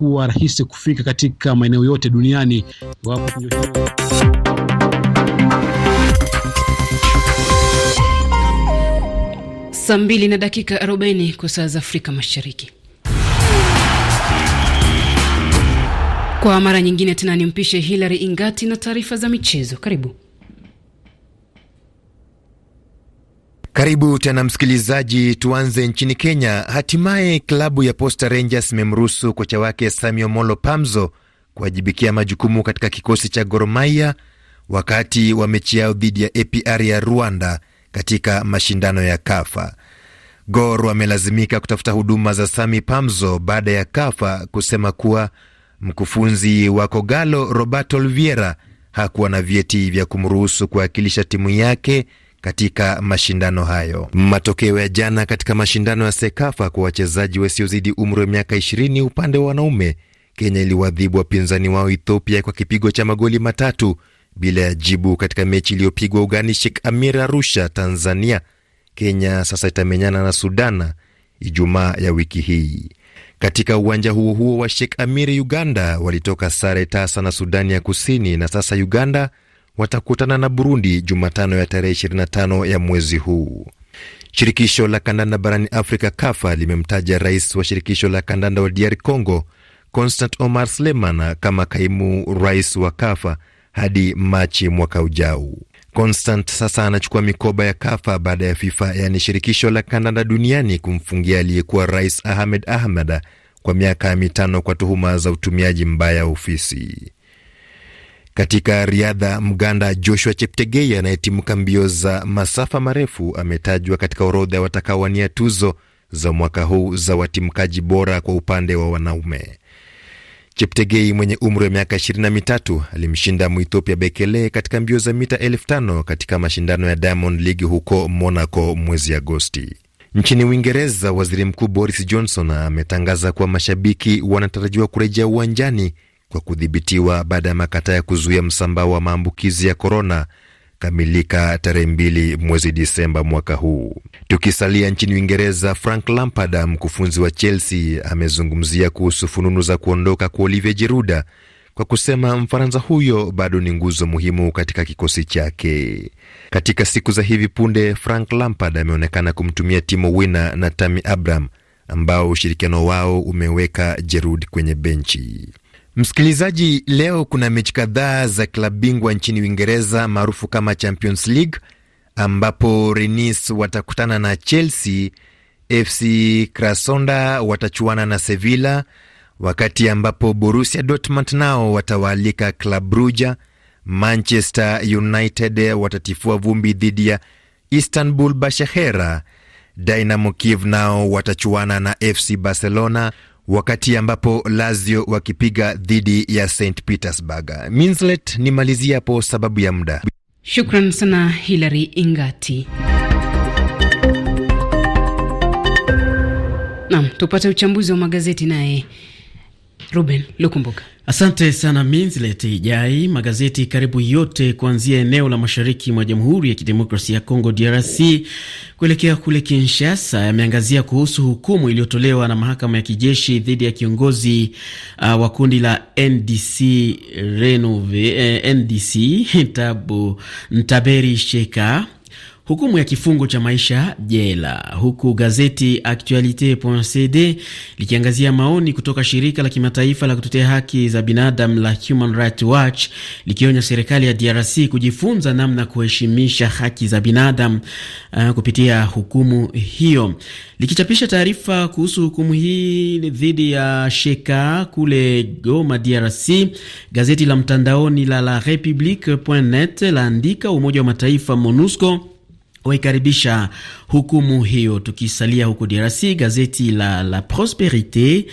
kuwa rahisi kufika katika maeneo yote duniani iwapo Saa mbili na dakika 40 kwa saa za Afrika Mashariki. Kwa mara nyingine tena nimpishe Hilary Ingati na taarifa za michezo. Karibu. Karibu tena msikilizaji, tuanze nchini Kenya. Hatimaye klabu ya Posta Rangers imemruhusu kocha wake Samuel Molo Pamzo kuwajibikia majukumu katika kikosi cha Gor Mahia wakati wa mechi yao dhidi ya APR ya Rwanda katika mashindano ya Kafa. Gor wamelazimika kutafuta huduma za Sami Pamzo baada ya Kafa kusema kuwa mkufunzi wa Kogalo Roberto Oliveira hakuwa na vyeti vya kumruhusu kuwakilisha timu yake katika mashindano hayo. Matokeo ya jana katika mashindano ya SEKAFA kwa wachezaji wasiozidi umri wa miaka 20 upande wa wanaume, Kenya iliwadhibu wapinzani wao Ethiopia kwa kipigo cha magoli matatu bila ya jibu katika mechi iliyopigwa ugani Sheikh Amir Arusha, Tanzania. Kenya sasa itamenyana na Sudana Ijumaa ya wiki hii. Katika uwanja huo huo wa Sheikh Amir, Uganda walitoka sare tasa na Sudani ya Kusini, na sasa Uganda watakutana na Burundi Jumatano ya tarehe 25 ya mwezi huu. Shirikisho la kandanda barani Afrika KAFA limemtaja rais wa shirikisho la kandanda wa DR Congo Constant Omar sleman kama kaimu rais wa KAFA hadi Machi mwaka ujao. Constant sasa anachukua mikoba ya KAFA baada ya FIFA, yaani shirikisho la kandanda duniani, kumfungia aliyekuwa rais Ahmed Ahmed kwa miaka mitano kwa tuhuma za utumiaji mbaya ofisi. Katika riadha, Mganda Joshua Cheptegei anayetimka mbio za masafa marefu ametajwa katika orodha ya watakaowania tuzo za mwaka huu za watimkaji bora kwa upande wa wanaume. Cheptegei mwenye umri wa miaka ishirini na mitatu alimshinda Mwethiopia Bekele katika mbio za mita elfu tano katika mashindano ya Diamond League huko Monaco mwezi Agosti. Nchini Uingereza, waziri mkuu Boris Johnson ametangaza kuwa mashabiki wanatarajiwa kurejea uwanjani kwa kudhibitiwa baada ya makataa ya kuzuia msambao wa maambukizi ya korona kamilika tarehe mbili mwezi Disemba mwaka huu. Tukisalia nchini Uingereza, Frank Lampard, mkufunzi wa Chelsea, amezungumzia kuhusu fununu za kuondoka kwa Olivier jeruda kwa kusema Mfaransa huyo bado ni nguzo muhimu katika kikosi chake. Katika siku za hivi punde, Frank Lampard ameonekana kumtumia Timo Werner na Tammy Abraham ambao ushirikiano wao umeweka jerud kwenye benchi. Msikilizaji, leo kuna mechi kadhaa za klabu bingwa nchini Uingereza maarufu kama Champions League ambapo Rennes watakutana na Chelsea, FC crasonda watachuana na Sevilla, wakati ambapo Borussia Dortmund nao watawaalika Club Brugge. Manchester United watatifua vumbi dhidi ya Istanbul Bashahera. Dynamo Kiev nao watachuana na FC Barcelona, wakati ambapo Lazio wakipiga dhidi ya St Petersburg. Minslet, nimalizia hapo sababu ya muda. Shukran sana Hilary Ingati. Nam tupate uchambuzi wa magazeti naye Ruben Lukumbuka. Asante sana Minzlet Ijai. Magazeti karibu yote kuanzia eneo la mashariki mwa Jamhuri ya Kidemokrasia ya Kongo DRC kuelekea kule Kinshasa yameangazia kuhusu hukumu iliyotolewa na mahakama ya kijeshi dhidi ya kiongozi uh, wa kundi la NDC Renove, eh, NDC Tabu Ntaberi Sheka hukumu ya kifungo cha maisha jela, huku gazeti Actualite.cd likiangazia maoni kutoka shirika la kimataifa la kutetea haki za binadamu la Human Rights Watch likionya serikali ya DRC kujifunza namna kuheshimisha haki za binadamu uh, kupitia hukumu hiyo, likichapisha taarifa kuhusu hukumu hii dhidi ya Sheka kule Goma, DRC. Gazeti la mtandaoni la La Republique.net laandika Umoja wa Mataifa MONUSCO waikaribisha hukumu hiyo. Tukisalia huko DRC, gazeti la La Prosperite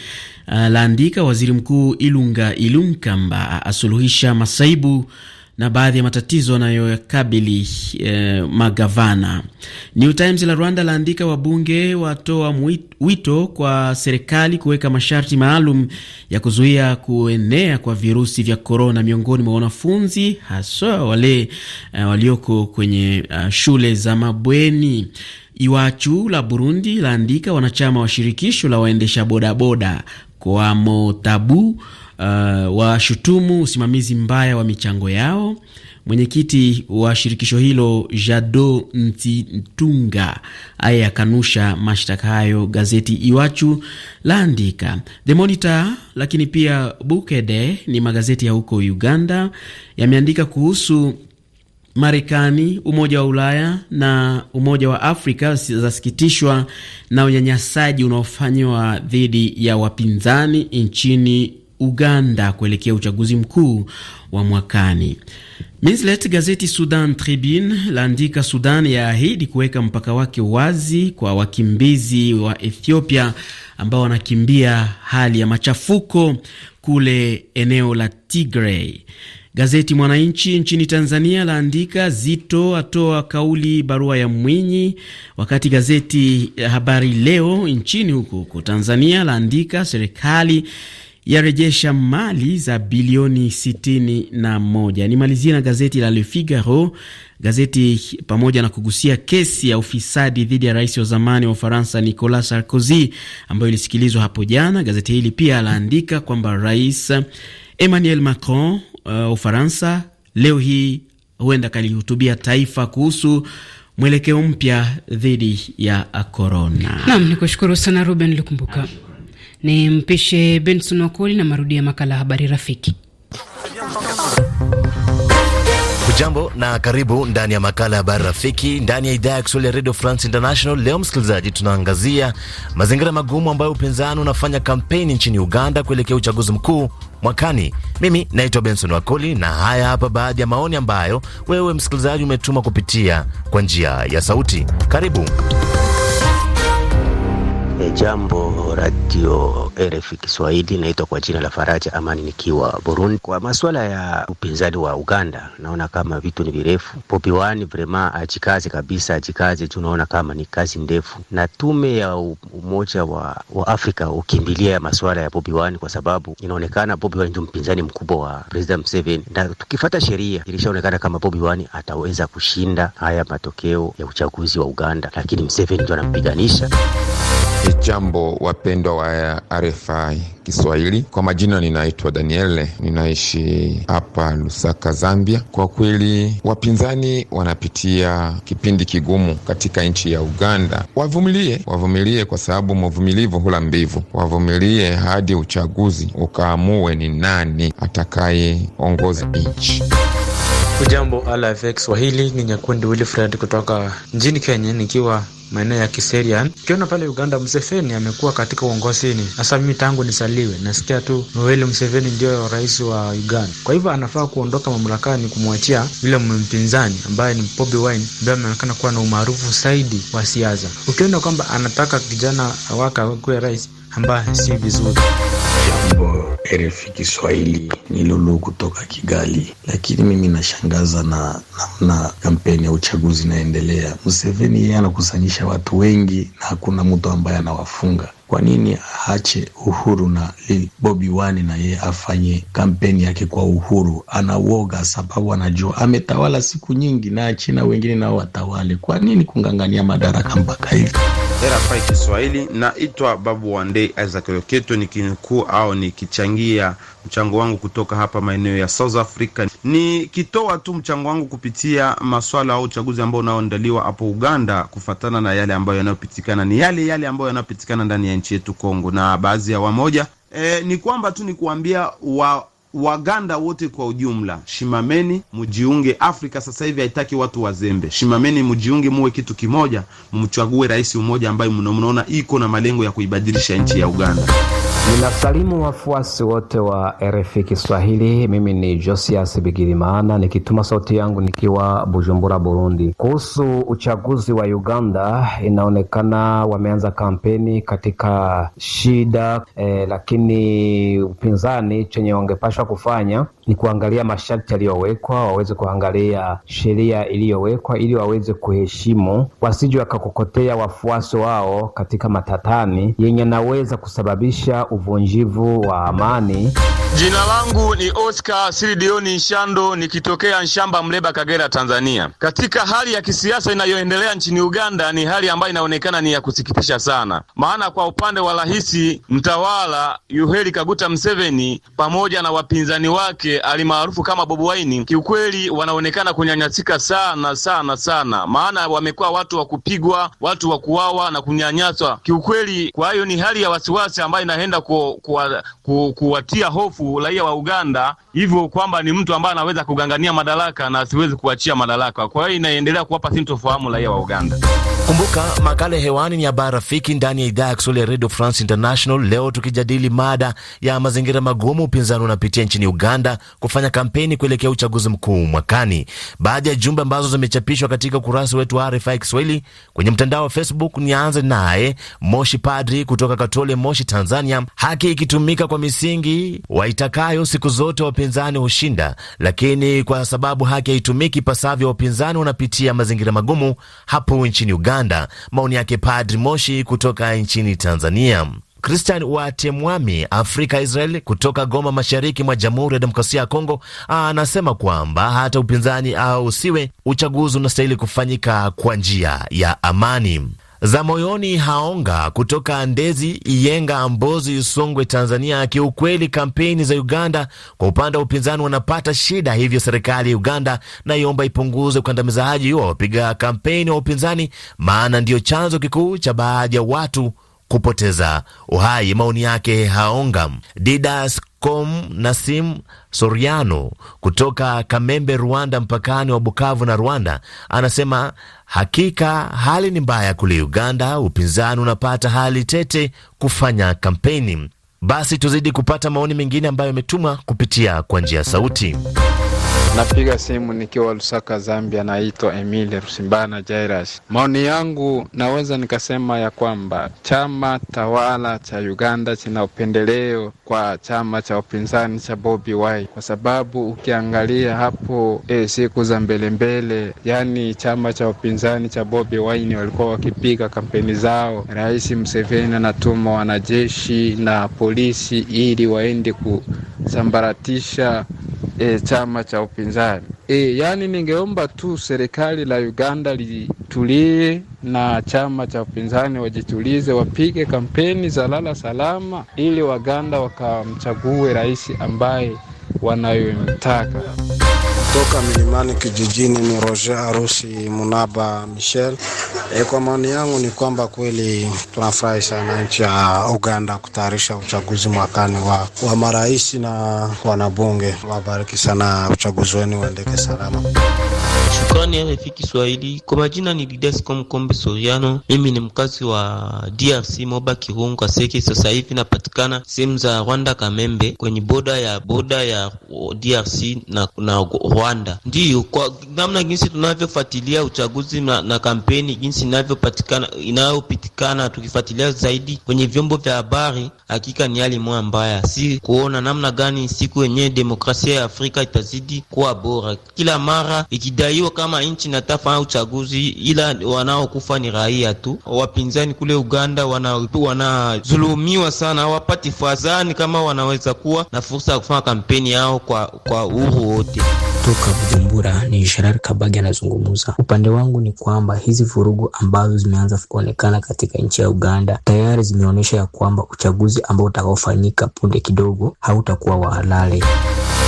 uh, laandika waziri mkuu Ilunga Ilunkamba asuluhisha masaibu na baadhi ya matatizo anayoyakabili eh, magavana. New Times la Rwanda laandika wabunge watoa wito kwa serikali kuweka masharti maalum ya kuzuia kuenea kwa virusi vya korona miongoni mwa wanafunzi haswa wale eh, walioko kwenye uh, shule za mabweni. Iwachu la Burundi laandika wanachama wa shirikisho la waendesha bodaboda Koamotabu uh, washutumu usimamizi mbaya wa michango yao. Mwenyekiti wa shirikisho hilo Jado Ntitunga aye akanusha mashtaka hayo. Gazeti Iwachu laandika The Monitor, lakini pia Bukede ni magazeti ya huko Uganda yameandika kuhusu Marekani, Umoja wa Ulaya na Umoja wa Afrika zasikitishwa na unyanyasaji unaofanyiwa dhidi ya wapinzani nchini Uganda kuelekea uchaguzi mkuu wa mwakani. Mislet, gazeti Sudan Tribune laandika Sudan yaahidi kuweka mpaka wake wazi kwa wakimbizi wa Ethiopia ambao wanakimbia hali ya machafuko kule eneo la Tigray. Gazeti Mwananchi nchini Tanzania laandika Zito atoa kauli barua ya Mwinyi, wakati gazeti Habari Leo nchini huko huko Tanzania laandika serikali yarejesha mali za bilioni 61. Nimalizie na gazeti la Le Figaro, gazeti pamoja na kugusia kesi ya ufisadi dhidi ya rais wa zamani wa Ufaransa Nicolas Sarkozy ambayo ilisikilizwa hapo jana. Gazeti hili pia laandika kwamba rais Emmanuel Macron uh, Ufaransa leo hii huenda kalihutubia taifa kuhusu mwelekeo mpya dhidi ya korona. Naam, ni kushukuru sana Ruben Lukumbuka. Ni mpishe Benson Wakoli na marudi ya makala ya habari rafiki. Ujambo na karibu ndani ya makala ya habari rafiki, ndani ya idhaa ya Kiswahili ya Radio France International. Leo msikilizaji, tunaangazia mazingira magumu ambayo upinzani unafanya kampeni nchini Uganda kuelekea uchaguzi mkuu mwakani. Mimi naitwa Benson Wakoli na haya hapa baadhi ya maoni ambayo wewe msikilizaji umetuma kupitia kwa njia ya sauti. Karibu. E, jambo radio RFI Kiswahili, naitwa kwa jina la Faraja Amani nikiwa Burundi. Kwa masuala ya upinzani wa Uganda, naona kama vitu ni virefu. Bobi Wine vrema ajikaze kabisa, ajikaze tu, naona kama ni kazi ndefu, na tume ya umoja wa, wa Afrika ukimbilia masuala ya Bobi Wine kwa sababu inaonekana Bobi Wine ndio mpinzani mkubwa wa President Museveni, na tukifata sheria ilishaonekana kama Bobi Wine ataweza kushinda haya matokeo ya uchaguzi wa Uganda, lakini Museveni ndio anampiganisha. Jambo wapendwa wa RFI Kiswahili, kwa majina ninaitwa Daniele, ninaishi hapa Lusaka, Zambia. Kwa kweli wapinzani wanapitia kipindi kigumu katika nchi ya Uganda. Wavumilie, wavumilie kwa sababu mvumilivu hula mbivu. Wavumilie hadi uchaguzi ukaamue ni nani atakayeongoza nchi. Ujambo RFI Kiswahili, ni Nyakundi Wilfred kutoka nchini Kenya, nikiwa maeneo ya Kiserian. Ukiona pale Uganda, Museveni amekuwa katika uongozini hasa. Mimi tangu nisaliwe nasikia tu Yoweri Museveni ndiyo rais wa Uganda, kwa hivyo anafaa kuondoka mamlakani, kumwachia yule mpinzani ambaye ni Bobi Wine ambaye ameonekana kuwa na umaarufu zaidi wa siasa. Ukiona kwamba anataka kijana wake akuwe rais, ambaye si vizuri. RFI Kiswahili ni Lulu kutoka Kigali. Lakini mimi nashangaza na namna kampeni ya uchaguzi inaendelea. Museveni yeye anakusanyisha watu wengi na hakuna mtu ambaye anawafunga. Kwa nini aache Uhuru na Bobi Wine na yeye afanye kampeni yake kwa uhuru? Anauoga sababu anajua ametawala siku nyingi na China wengine nao watawale. Kwa nini kungangania madaraka mpaka hivi? RFI Kiswahili naitwa Babu Wande Isaac Loketo, nikinukuu au nikichangia mchango wangu kutoka hapa maeneo ya South Africa, nikitoa tu mchango wangu kupitia maswala au uchaguzi ambao unaoandaliwa hapo Uganda, kufatana na yale ambayo yanayopitikana, ni yale yale ambayo yanayopitikana ndani ya nchi yetu Kongo na baadhi ya wamoja e, ni kwamba tu ni kuambia wa Waganda wote kwa ujumla, shimameni mjiunge. Afrika sasa hivi haitaki watu wazembe. Shimameni mjiunge, muwe kitu kimoja, mumchague rais mmoja ambaye mnaona iko na malengo ya kuibadilisha nchi ya Uganda. Ninasalimu wafuasi wote wa RFI Kiswahili. Mimi ni Josias Bigirimana nikituma sauti yangu nikiwa Bujumbura, Burundi. Kuhusu uchaguzi wa Uganda, inaonekana wameanza kampeni katika shida eh, lakini upinzani chenye wangepashwa kufanya ni kuangalia masharti yaliyowekwa, waweze kuangalia sheria iliyowekwa ili waweze kuheshimu, wasije wakakokotea wafuasi wao katika matatani yenye naweza kusababisha uvunjivu wa amani. Jina langu ni Oscar siridioni Nshando nikitokea Nshamba Mleba, Kagera, Tanzania. Katika hali ya kisiasa inayoendelea nchini Uganda ni hali ambayo inaonekana ni ya kusikitisha sana, maana kwa upande wa rais mtawala Yoweri Kaguta Museveni pamoja na wapinzani wake alimaarufu kama Bobi Wine, kiukweli wanaonekana kunyanyasika sana sana sana, maana wamekuwa watu wa kupigwa, watu wa kuwawa na kunyanyaswa kiukweli. Kwa hiyo ni hali ya wasiwasi ambayo inaenda ku, kuwatia ku, ku hofu raia wa Uganda, hivyo kwamba ni mtu ambaye anaweza kugangania madaraka na asiwezi kuachia madaraka. Kwa hiyo inaendelea kuwapa sintofahamu raia wa Uganda. Kumbuka makala hewani ni habari rafiki ndani ya idhaa ya Kiswahili ya Radio France International. Leo tukijadili mada ya mazingira magumu upinzani unapitia nchini Uganda kufanya kampeni kuelekea uchaguzi mkuu mwakani. Baadhi ya jumbe ambazo zimechapishwa katika ukurasa wetu wa RFI Kiswahili kwenye mtandao wa Facebook. Nianze naye Moshi Padri kutoka Katole, Moshi, Tanzania haki ikitumika kwa misingi waitakayo, siku zote wapinzani hushinda, lakini kwa sababu haki haitumiki pasavyo, wapinzani wanapitia mazingira magumu hapo nchini Uganda. Maoni yake Padri Moshi kutoka nchini Tanzania. Christian Watemwami Afrika Israel kutoka Goma, mashariki mwa Jamhuri ya Demokrasia ya Kongo, anasema kwamba hata upinzani au usiwe, uchaguzi unastahili kufanyika kwa njia ya amani za moyoni haonga kutoka Ndezi Iyenga, Mbozi, Usongwe Tanzania. Kiukweli kampeni za Uganda kwa upande wa upinzani wanapata shida, hivyo serikali ya Uganda naiomba ipunguze ukandamizaji wa wapiga kampeni wa upinzani, maana ndiyo chanzo kikuu cha baadhi ya watu kupoteza uhai. Maoni yake Haonga. Didas com Nasim Soriano kutoka Kamembe, Rwanda, mpakani wa Bukavu na Rwanda, anasema hakika hali ni mbaya kule Uganda, upinzani unapata hali tete kufanya kampeni. Basi tuzidi kupata maoni mengine ambayo yametumwa kupitia kwa njia ya sauti. Napiga simu nikiwa Lusaka, Zambia. Naitwa emil Rusimbana Jairas. Maoni yangu naweza nikasema ya kwamba chama tawala cha Uganda china upendeleo kwa chama cha upinzani cha Bobi Wine, kwa sababu ukiangalia hapo e, siku za mbelembele, yani chama cha upinzani cha Bobi Wine walikuwa wakipiga kampeni zao, Rais Museveni anatuma wanajeshi na polisi ili waende kusambaratisha e, chama cha upinzani. E, yani ningeomba tu serikali la Uganda litulie na chama cha upinzani wajitulize, wapige kampeni za lala salama, ili Waganda wakamchague rais ambaye wanayomtaka kutoka milimani kijijini, ni Roger Arusi Munaba Michel. E, kwa maoni yangu ni kwamba kweli tunafurahi sana nchi ya Uganda kutayarisha uchaguzi mwakani wa, wa marais na wanabunge. Wabariki sana, uchaguzi wenu uendeke salama. Shukrani RFI Kiswahili. Kwa majina ni Didesco Mkombe Soriano, mimi ni mkazi wa DRC, Moba Kirungu Kaseke. Sasa hivi napatikana sehemu za Rwanda, Kamembe, kwenye boda ya boda ya DRC na, na Rwanda. Ndiyo, kwa namna jinsi tunavyofuatilia uchaguzi na, na kampeni jinsi inavyopatikana inayopitikana, tukifuatilia zaidi kwenye vyombo vya habari, hakika ni hali moya mbaya, si kuona namna gani siku yenyewe demokrasia ya Afrika itazidi kuwa bora, kila mara ikidaiwa kama nchi natafanya uchaguzi, ila wanaokufa ni raia tu. Wapinzani kule Uganda wanazulumiwa wana sana, hawapati fadhani kama wanaweza kuwa na fursa ya kufanya kampeni yao kwa, kwa uhuru wote kutoka Bujumbura ni Gerard Kabage anazungumza. Upande wangu ni kwamba hizi vurugu ambazo zimeanza kuonekana katika nchi ya Uganda tayari zimeonyesha ya kwamba uchaguzi ambao utakaofanyika punde kidogo hautakuwa wa halali.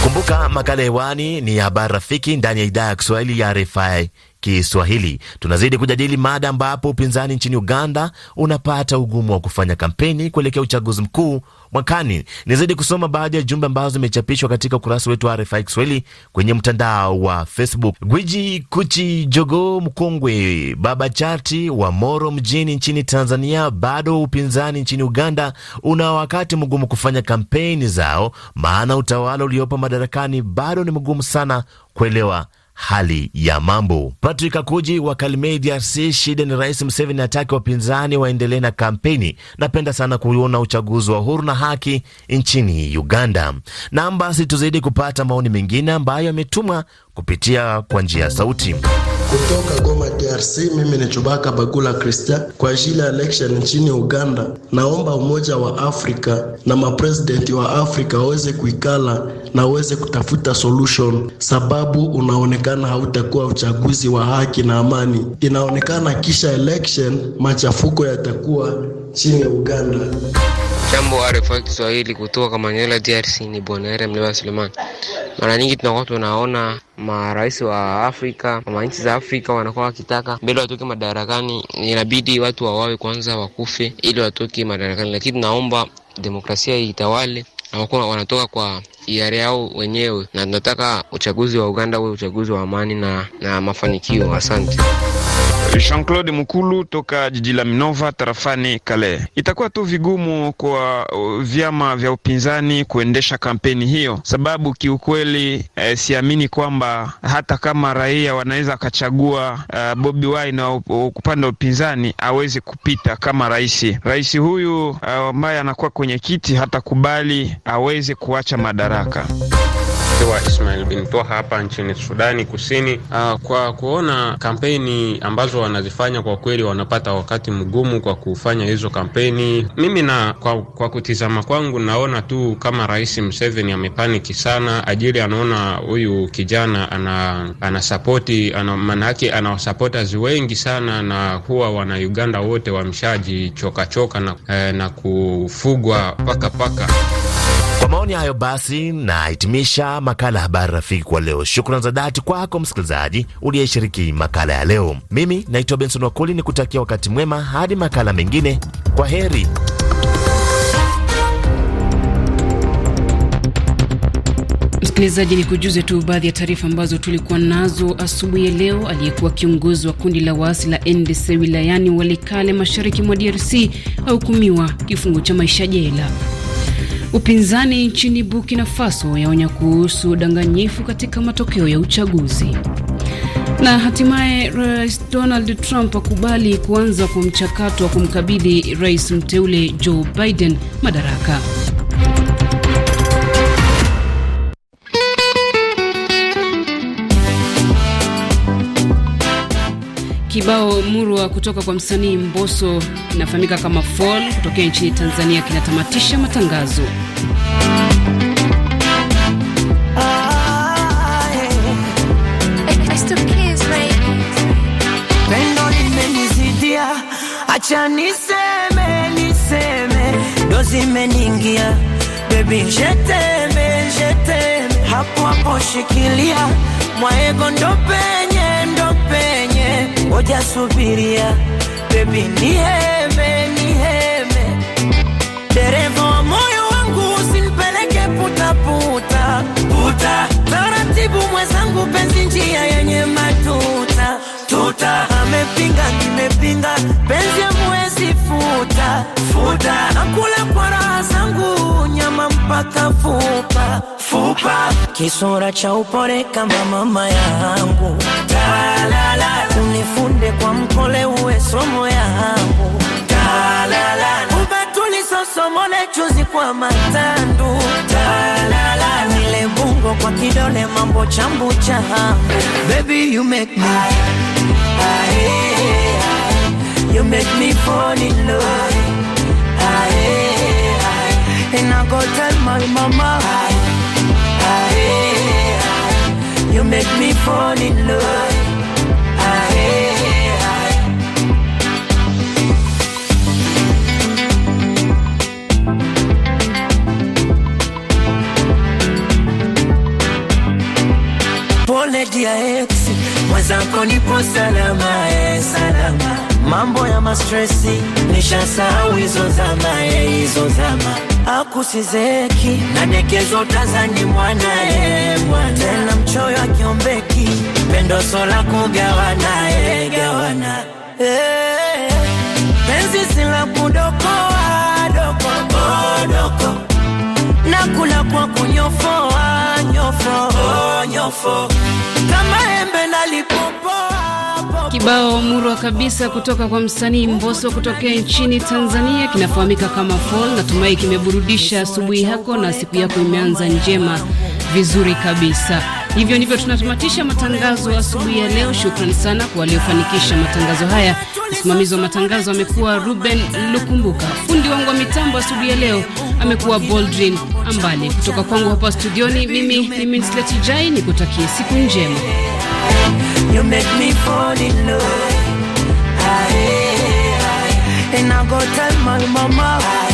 Kumbuka makala hewani ni habari rafiki ndani ya idhaa ya Kiswahili ya RFI Kiswahili. Tunazidi kujadili mada ambapo upinzani nchini Uganda unapata ugumu wa kufanya kampeni kuelekea uchaguzi mkuu mwakani. Nizidi kusoma baadhi ya jumbe ambazo zimechapishwa katika ukurasa wetu wa RFI Kiswahili kwenye mtandao wa Facebook. Gwiji Kuchi Jogo mkongwe baba chati wa Moro mjini nchini Tanzania, bado upinzani nchini Uganda una wakati mgumu kufanya kampeni zao, maana utawala uliopo madarakani bado ni mgumu sana kuelewa hali ya mambo. Patrick Akuji wa Kalemie, DRC. Shida ni Rais Museveni ataki wapinzani waendelee na kampeni. Napenda sana kuona uchaguzi wa huru na haki nchini Uganda. Nam basi, tuzidi kupata maoni mengine ambayo yametumwa kupitia kwa njia ya sauti. Kutoka Goma, DRC, mimi ni Chubaka Bagula Christian kwa ajili ya election nchini Uganda. Naomba Umoja wa Afrika na mapresidenti wa Afrika waweze kuikala na waweze kutafuta solution, sababu unaonekana hautakuwa uchaguzi wa haki na amani. Inaonekana kisha election machafuko yatakuwa chini ya Uganda. Jambo arefa Kiswahili kutoka Kamanyola, DRC. Ni Bwana Mlewa Suleiman. Mara nyingi tunakuwa tunaona marais wa Afrika ama nchi za Afrika wanakuwa wakitaka mbele watoke madarakani, inabidi watu wawawe kwanza, wakufe ili watoke madarakani, lakini tunaomba demokrasia itawale hawakuwa wanatoka kwa hiari yao wenyewe, na tunataka uchaguzi wa Uganda uwe uchaguzi wa amani na, na mafanikio. Asante. Jean-Claude Mukulu toka jiji la Minova tarafani Kale. Itakuwa tu vigumu kwa vyama vya upinzani kuendesha kampeni hiyo, sababu kiukweli eh, siamini kwamba hata kama raia wanaweza akachagua eh, Bobi Wine upande wa upinzani aweze kupita kama rais. Rais huyu eh, ambaye eh, anakuwa kwenye kiti hatakubali aweze kuacha madaraka. Nikiwa Ismail bin Toha hapa nchini Sudani Kusini. Uh, kwa kuona kampeni ambazo wanazifanya kwa kweli wanapata wakati mgumu kwa kufanya hizo kampeni. Mimi na kwa, kwa kutizama kwangu naona tu kama Rais Museveni amepaniki sana, ajili anaona huyu kijana ana anasapoti ana, manake wengi sana, na huwa wana Uganda wote wamshaji chokachoka na, eh, na kufugwa pakapaka paka maoni hayo basi nahitimisha makala Habari Rafiki kwa leo. Shukrani za dhati kwako msikilizaji uliyeshiriki makala ya leo. Mimi naitwa Benson Wakoli, ni kutakia wakati mwema hadi makala mengine. Kwa heri. Msikilizaji, ni kujuze tu baadhi ya taarifa ambazo tulikuwa nazo asubuhi ya leo. Aliyekuwa kiongozi wa kundi la waasi la NDC wilayani Walikale, mashariki mwa DRC ahukumiwa kifungo cha maisha jela. Upinzani nchini Burkina Faso yaonya kuhusu udanganyifu katika matokeo ya uchaguzi. Na hatimaye Rais Donald Trump akubali kuanza kwa mchakato wa kumkabidhi rais mteule Joe Biden madaraka. Kibao murwa kutoka kwa msanii mboso inafahamika kama Fall kutokea nchini Tanzania kinatamatisha matangazo. Pendo limenizidia, acha niseme niseme, bebi, jeteme jeteme, hapo hapo shikilia mwaego, ndo penye ndo penye ngoja subiria, bebi niheme, niheme, dereva wa moyo wangu usimpeleke putaputa puta, taratibu mwenzangu, penzi njia yenye matuta tuta, amepinga nimepinga, penzi amwezi futa mafuta, nakula kwa raha zangu, nyama mpaka fupa fupa, kisura cha upole kama mama yangu, Ta-la-la. unifunde kwa mkole, uwe somo yangu, talala chuzi kwa matandu, nile bungo kwa kidole, mambo chambu changu, baby you make me You make me fall in love And I go tell my mama I, I, I, You make me fall in love I, I. I Pole dia ex, mwenzako nipo salama, eh, salama. Mambo ya mastresi, nishasahau hizo zama, eh, hizo zama akusizeki na nikizo tazani mwanae mwana. tena mchoyo akiombeki pendo sola kugawana e, gawana eh, penzi sila kudokoa doko nakula kwa kunyofoa ah, nyofo, oh, nyofo. kama embe nalipopoa ah, Kibao murwa kabisa kutoka kwa msanii mboso kutokea nchini Tanzania kinafahamika kama Fall. Natumai kimeburudisha asubuhi yako na siku yako imeanza njema vizuri kabisa. Hivyo ndivyo tunatamatisha matangazo asubuhi ya leo. Shukrani sana kwa waliofanikisha matangazo haya. Msimamizi wa matangazo amekuwa Ruben Lukumbuka, fundi wangu wa mitambo asubuhi ya leo amekuwa Boldrin Ambale. Kutoka kwangu hapa studioni, mimi ni minslet Jai, nikutakie siku njema. You make me fall in love. I, I, And I go tell my mama.